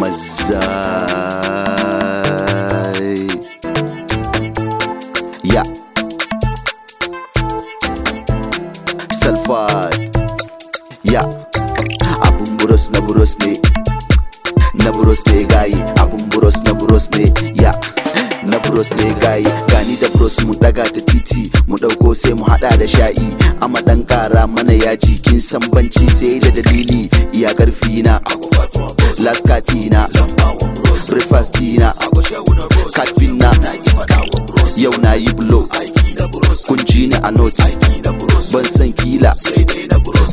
मजाई या सल्फाट या आपुम बुरस न बुरोस ने न बुरोस ते गाई आपुम बुरस न बुरोस ने या na bros ne gayi gani da bros mu daga ta titi mu dauko sai mu hada da sha'i amma dan kara mana yaji kin san banci sai da dalili iya karfi na last kati na breakfast na kafin na yau na yi blow kunji ne a noti ban san kila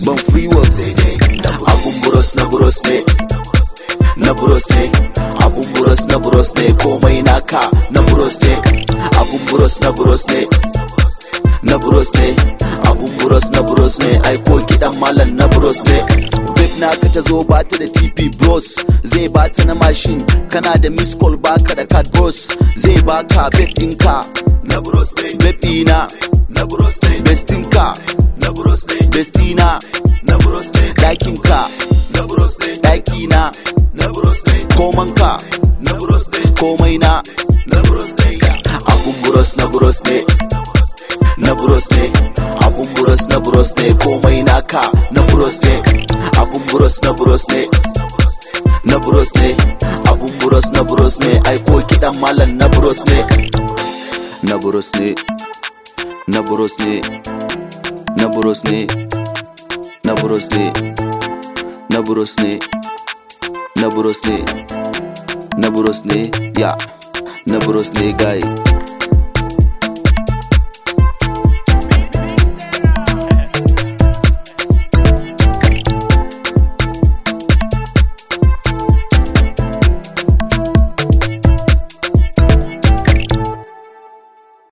ban free work abun bros na bros ne bros ne abun bros na bros ne komai naka na bros ne abun bros na bros ne na bros ne abun bros na bros ne aiko kidan malam na bros ne big naka ta zo ta da tp bros zai bata na mashin kana da miss call ka da card bros zai ba baka big ka na bros ne big dina na bros ne ka na bros ne bestina na bros ne ka na bros ne na. komanka komai na buros na buros ne na buros ne abun na buros ne komai na ka na buros ne na buros ne na buros ne na buros ne aiko kidan malam na buros ne na buros ne na buros ne na buros ne na buros ne na buros ne na buros ne na ya na